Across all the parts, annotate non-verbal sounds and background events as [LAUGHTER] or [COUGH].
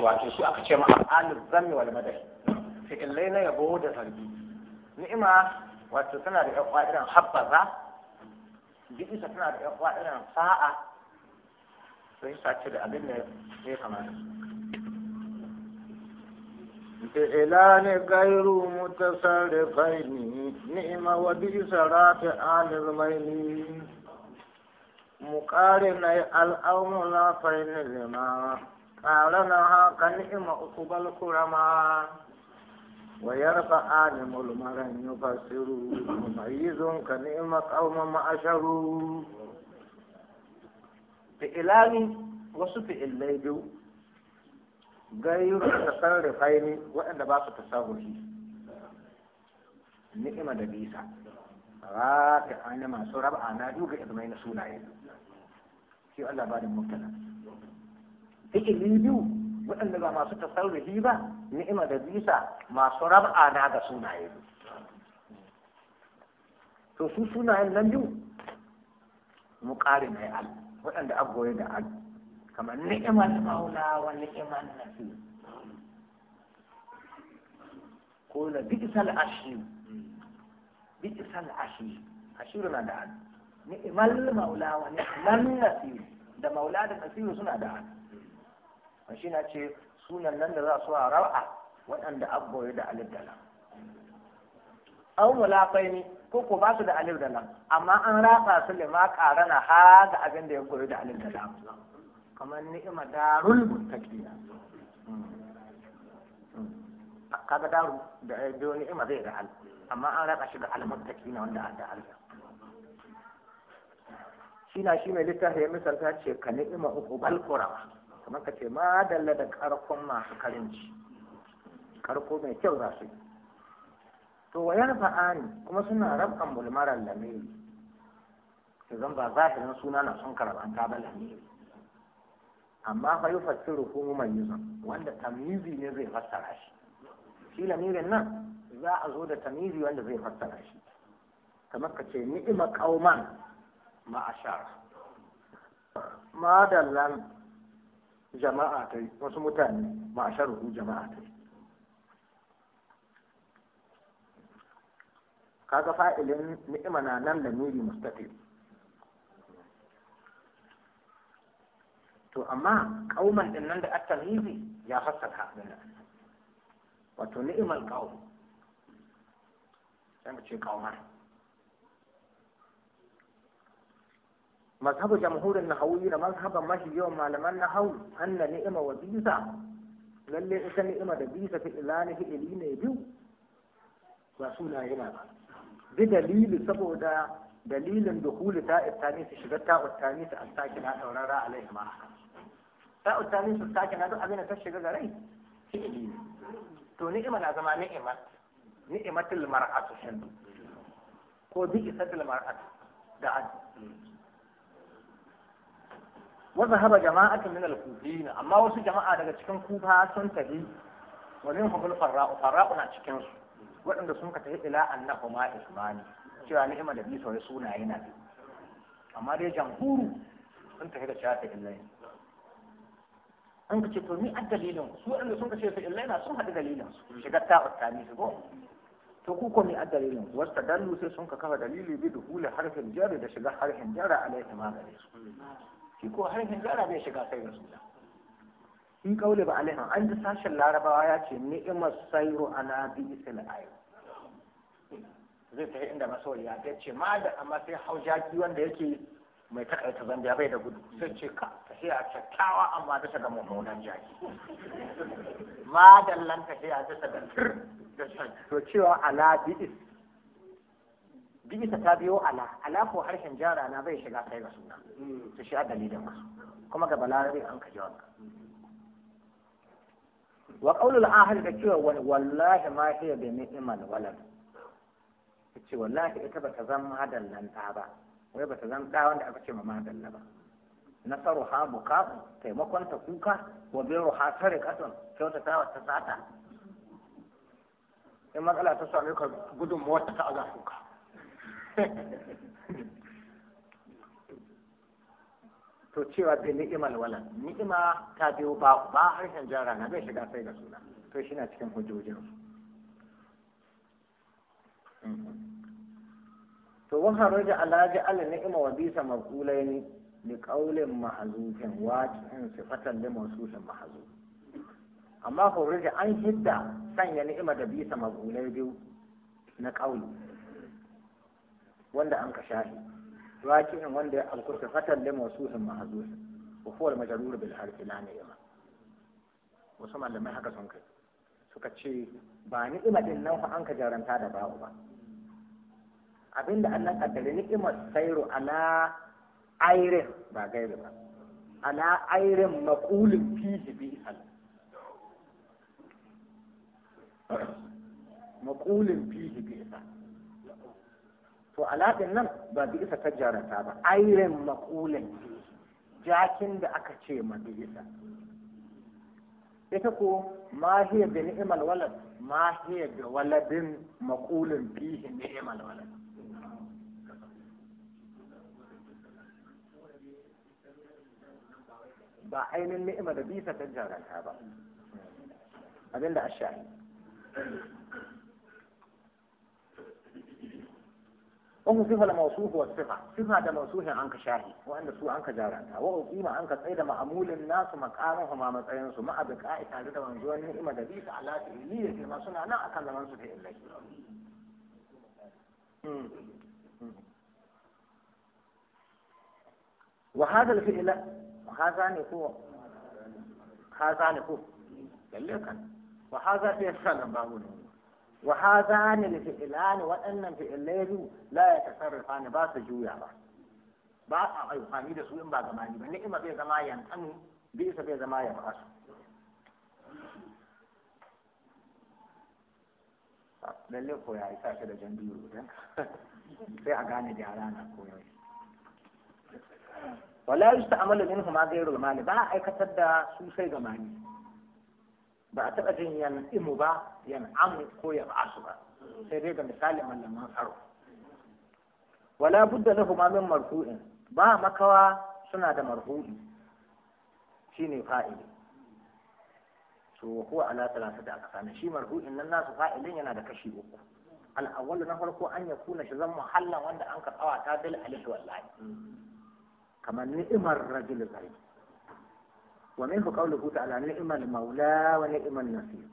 wato su aka ce ma af'alul zammi wal madad illai na yabo da zargi ni'ima wato tana da yakwa irin habbaza bisa tana da yakwa irin fa'a sai sace da abin da ya kamata فعلان غير متصرفين نعم وبئس رافعان الميل مقارن الأمر لا فين لما قالنا قارنها كنعم أقبى الكرما ويرفع عالم المرن يفسر مميز كنعم قوم ما في فإلاني وصف الليل غير التصرفين وأن باس التصرفي ni'ima da bisa rafi an masu raba na biyu ga izmai na sunaye shi Allah fi'ili biyu waɗanda ba masu tasarrufi ba ni'ima da bisa masu rab'a na ga sunaye to su sunayen nan biyu muƙari na al waɗanda abubuwa da al kamar ni'imar maula wa ni'imar nafi ko na bi'sal ashir bi'sal ashir ashir na da al ni'imar maula wa ni'imar nafi da maula da nafi suna da al shi na ce sunan nan da za su a rawa waɗanda abboye da alif da lam an mulafai ne ko ko ba su da alif da lam amma an ratsa su lima karana ha ga abin da ya goyi da alif da lam kamar ni'ima darul muttaqina kaga daru da eh, biyo ni'ima zai da alif amma an ratsa shi da al muttaqina wanda da alif shi na shi mai littafi ya misalta ce ka ni'ima uku bal kamar ka ce ma dalla da karkon masu karinci karko mai kyau za su yi to wa yana fa'ani kuma suna rabkan bulmarar lamiri su zan ba zahirin suna na sun karabanta ba lamiri amma fa yi fassiru kuma mai yuzan wanda tamizi ne zai fassara shi shi lamirin nan za a zo da tamizi wanda zai fassara shi kamar ka ce ni'ima kauman ma'ashara madallan jama'a ta yi wasu mutane ma'asharuhu jama'a ta yi, kaga fa'ilin ni'ima na nan da nuri mustaqil to amma kauman din nan da at-tamyizi ya fassara na, wato ni'imal qaum sai mu ce kauman mazhabu jamhurin nahawiyyi da mazhaban mashi yawan malaman nahawu anna ni'ima wa bisa lalle ita ni'ima da bisa fi ilani fi ne biyu ba suna yana ba bi dalili saboda dalilin da duhuli ta ittani su shiga ta ittani su an sake na taurara alaihi ma ta ittani su sake na duk abin da ta shiga ga rai fi ne to ni'ima na zama ni'ima ni'imatul mar'atu shin ko bi isatul mar'atu da addu wa zahaba jama'atun min al-kufin wasu jama'a daga cikin kufa sun tafi wa min hukul farra'u na cikin su waɗanda sun ka tafi ila annahuma ismani cewa ni'ima da bisa sunaye na biyu amma dai jamhuru sun tafi da shafi illai an ka to ni a su waɗanda sun ka ce su illai na sun haɗu dalilin su shigar ta'ar to ko wasu ta sun ka kafa dalili bi da hula da shiga shi ko harshen gyara bai shiga sai da. in kaule ba alaihan an ji sashen larabawa ya ce ni'imar sairu ana bi isil zai tafi inda ya ta ce ma da amma sai hau jaki wanda yake mai takaita zambiya bai da gudu sai ce ka a kyakkyawa amma ta ga mummunan jaki ma dallan tafiya bisa ga tur da to cewa ala isil bisa ta biyo ala ala ko harshen jara na bai shiga sai ga suna su shi a dalilin wasu kuma ga balarabe an kaji wannan wa qaulul ahad da cewa wallahi ma hiya bi ni'mal walad ce wallahi ita bata zan madallan ta ba wai bata zan da wanda aka ce ma madalla ba nasaru ha bukafu taimakon ta kuka wa biru ha sare kasan kyautatawa ta sata in matsala ta same ka gudun mota ta aza kuka [LAUGHS] to cewa bi ni'imar wala ni'ima ta biyo ba ba harshen jara na bai shiga sai da suna to shi na cikin hujjojin to wa haraja ala ja'al ni'ima wa bisa maqulaini li qawlin mahzufin waqi'in sifatan li mawsufin mahzuf amma haraja an hidda sanya ni'ima da bisa maqulai biyu na qawli wanda an ka shahi raki'in wanda ya alkurta fatan da mawsusin mahzuz wa huwa al-majrur bil harfi la ni'ma wasu malamai haka sun kai suka ce ba ni'ima din nan fa an ka jaranta da ba'u ba abinda Allah kaddare ni'imar sairu ala ayrin ba gairi ba ala airin maqulin fihi bi maqulin fihi bi to alaɗin nan ba bi isa ta jaranta ba airen makulan jakin da aka ce ma bi isa ita ko mahiyar da ni'imal walad mahiyar da waladin makulin fihi ni'imal walad ba ainihin ni'ima da bisa ta jaranta ba abinda a shahi wani sifa da masu huwa sifa sifa da masuhin hin an ka shahi wanda su an ka jaranta wa ukima an ka tsaye da ma'amulin nasu makarin ma matsayin su ma abu ka'i tare da wanzuwa ni'ima da bisa alati liya ke masu na nan akan zaman su fi illai hmm. hmm. wa hada fi ila haza ne ko haza ne ko lalle kan wa haza ne وهذان الفئلان وان الفئلين لا يتصرفان باس جويا باس با اي فاني ده سوين با زماني بني اما بي زماني ان ان بي سب زماني با اس لله كو يا عيسى كده جنبي ده سي اغاني دي علانا كو يا ولا يستعمل منهم غير المال با اي كتد سوين زماني ba a taɓa jin yan imu ba yan amu ko ya ba'asu ba sai dai ga misalin malaman tsaro wala budda lahu ma min marfu'in ba makawa suna da marfu'i shine fa'ili to huwa ala talata da aka sani shi marfu'in nan nasu fa'ilin yana da kashi uku al na farko an ya kuna shi zan muhallan wanda an ka tsawata bil alif wallahi kamar ni'imar rajul zalim ومنه قوله تعالى نعم المولى ونعم النصير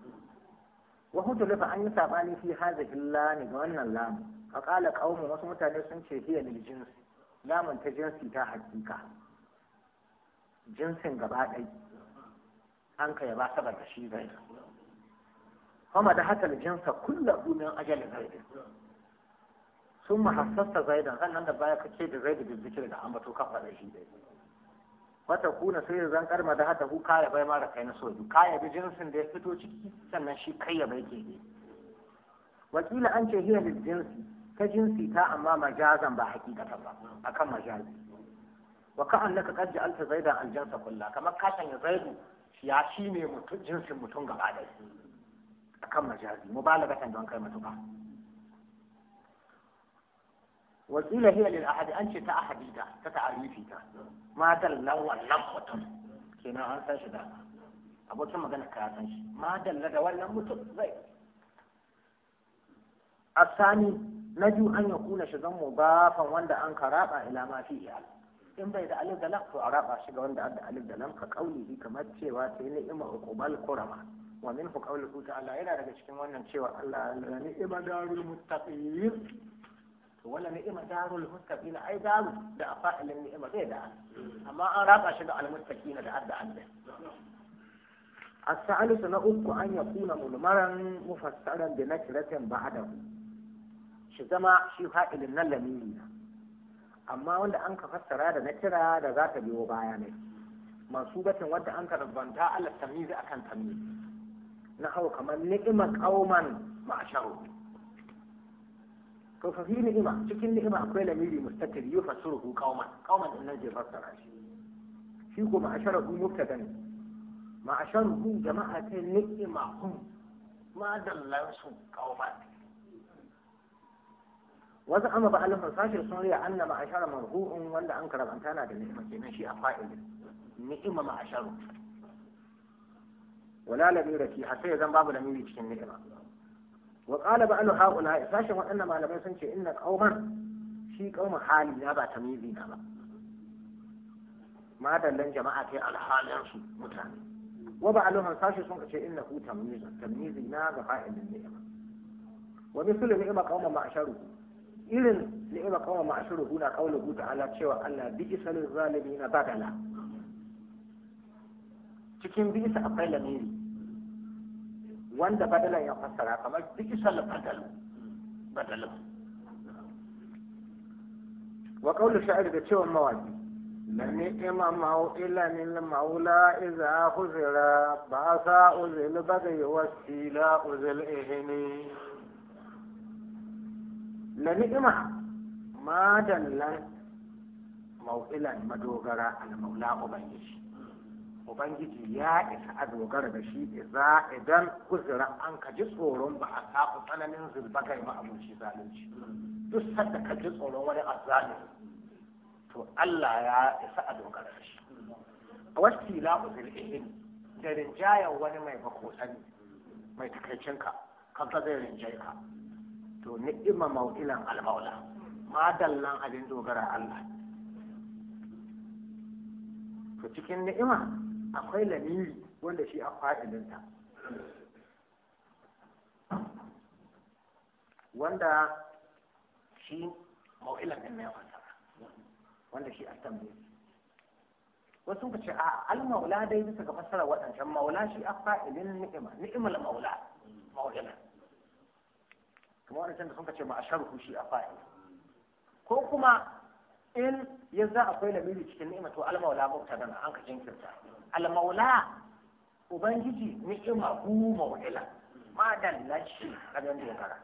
وهدلف أن يسابعني في هذه اللام وأن اللام فقال قوم وسمت أن هي للجنس لام تجنسي تا حقيقة jinsin gaba ɗai an ka yaba saboda shi zai kuma da hatar jinsa kulla dumin ajal zaidin sun mahassasta zaidan sannan da baya kake da zaidu da zikir da da shi wata kuna sai zan karma da hata ku kaya bai mara kai na soju kaya bi jinsin da ya fito ciki sannan shi kai ya bai ke ne wakila an ce hiya jinsi ta jinsi ta amma majazan ba hakikatan ba akan majazi wa ka annaka qad ja'alta zaidan aljansa kulla, kamar ka sanya zaidu ya shine mutum jinsin mutum gaba da akan majazi mubalagatan don kai matuka. wasila hiya lil ahadi an ce ta ahadi ta ta ta'arifi ta ma dalla wannan mutum kenan an san shi da abokin magana ka san shi ma da wannan mutum zai asani na biyu an yakuna shi zan mubafan wanda an karaba ila ma fi iyal in bai da alif da lam to a raba shi ga wanda adda alif da lam ka kauli kamar cewa sai ne ni'ima uqbal qurama wa minhu qawluhu ta'ala yana daga cikin wannan cewa Allah ya ni'ima darul muttaqin ولا نئمة دار المستقيم أي دار لا أقائل النئمة غير دار أما أراد أشد على المستقيم دار دار السعالة سنقوك أن يكون ملمرا مفسرا بنكرة بعده شزما شيخا إلى النلمين amma wanda anka fassara da na kira da za ta biyo baya ne masu batin wanda anka rubanta Allah tamizi akan tamizi na hau to fa fi ni'ima cikin ni'ima akwai lamiri mustatir yufasiruhu qauman qauman din nan je fassara shi shi ko ma'asharuhu mubtada ne ma'asharuhu jama'a ta ni'ima hum ma dallan su qauman wasu amma ba alifin sashen sun riya anna ma'ashara marhu'un wanda an karabanta na da ni'ima kenan shi a fa'ilin ni'ima ma'asharu wala lamira fi hatta ya zan babu lamiri cikin ni'ima وقال بأن هؤلاء فاشا وأن ما لم يسنش إن قوما في قوم حالي لا تميزي نبا ما دلن جماعة على حال ينصب متاني وبعلوهم فاشا سنك إنه تمييز تمييزي نبا قائم النعمة ومثل نعمة قوم معشره إذن نعمة قوم معشره هنا قوله تعالى تشوى أن بجس للظالمين بدلا تكين بجس أقل ميري wanda badalan ya fassara kamar bikisal badal badalan wa qawlu sha'ir da cewa mawaki lan ni'ma ma'u illa lil maula iza khuzira ba sa uzil bagai wasila uzil ihni la ni'ma ma lan mawilan madogara al maula ubangiji ubangiji ya isa a dogara da shi idan kuzura an ka ji tsoron ba a saku tsananin ba ma abinci zalunci duk sanda ka ji tsoron wani azzalimi to Allah ya isa a dogara da shi a wasu tila uzul ihin da rinjayen wani mai bakosani mai takaicinka kan ka zai rinjai ka to ni'ima ma'ilan almaula madallan abin dogara Allah to cikin ni'ima akwai lamiri wanda shi a fa'ilinta wanda shi ma'ilan ɗin ya fasara wanda shi a tambaye wasu ka ce a al-maula dai bisa ga fasara waɗancan maula shi a fa'ilin ni'ima ni'imar maula maula kuma waɗancan da sun ka ce ma a sharhu shi a fa’ilin ko kuma in yanzu akwai lamiri cikin ni'ima to almaula mubtada na an ka jinkirta almaula ubangiji ni'ima ku maula ma dallashi kadan da ya kara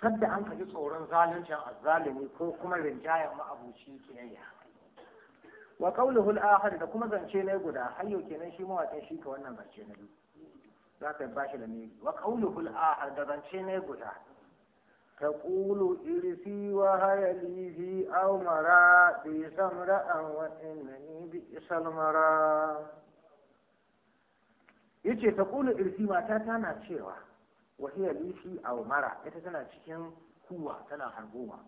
sadda an ka ji tsoron zaluncin azzalimi ko kuma rinjayen ma'abuci kiyayya wa qawluhu al-akhir da kuma zance ne guda hayyo kenan shi mawaƙin shi ka wannan zance na biyu za ka bashi da miri wa qawluhu al-akhir da zance ne guda تقول إرثي وهي لي في أومرا بئس امرأ وإنني بئس المرا yace ta kula irsi mata tana cewa wa hiya lifi ita tana cikin kuwa tana hargoma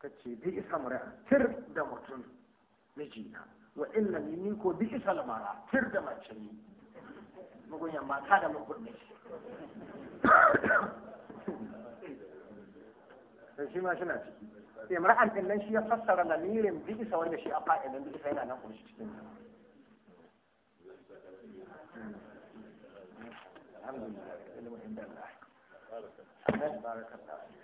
tace bi isa mara tir da mutum mijina wa inna ko bi isa mara tir da mace ni mata da mugun don shi ma suna ciki imra'an din nan shi ya fassara lamirin bisa wanda shi a fa'ilin bisa yana nan kunshi cikin alhamdulillah ilmu inda Allah